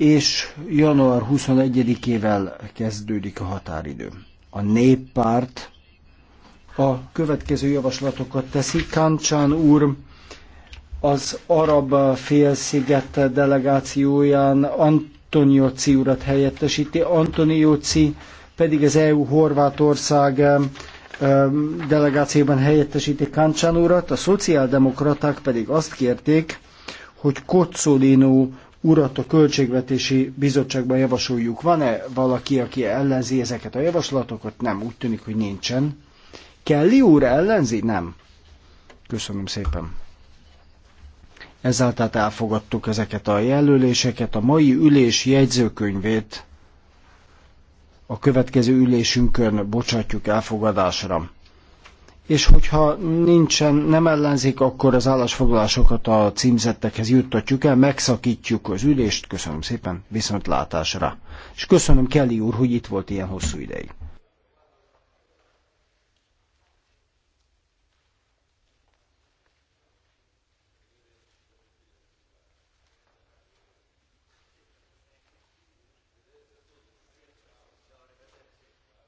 és január 21-ével kezdődik a határidő. A néppárt a következő javaslatokat teszi. Kancsán úr az arab félsziget delegációján Ci urat helyettesíti. Ci pedig az EU Horvátország delegációban helyettesíti Kancsán urat, a szociáldemokraták pedig azt kérték, hogy Kocsolino urat a Költségvetési Bizottságban javasoljuk. Van-e valaki, aki ellenzi ezeket a javaslatokat? Nem, úgy tűnik, hogy nincsen. Kelly úr ellenzi? Nem. Köszönöm szépen. tehát elfogadtuk ezeket a jelöléseket, a mai ülés jegyzőkönyvét a következő ülésünkön bocsátjuk elfogadásra és hogyha nincsen, nem ellenzik, akkor az állásfoglalásokat a címzettekhez juttatjuk el, megszakítjuk az ülést, köszönöm szépen, viszontlátásra. És köszönöm Kelly úr, hogy itt volt ilyen hosszú ideig.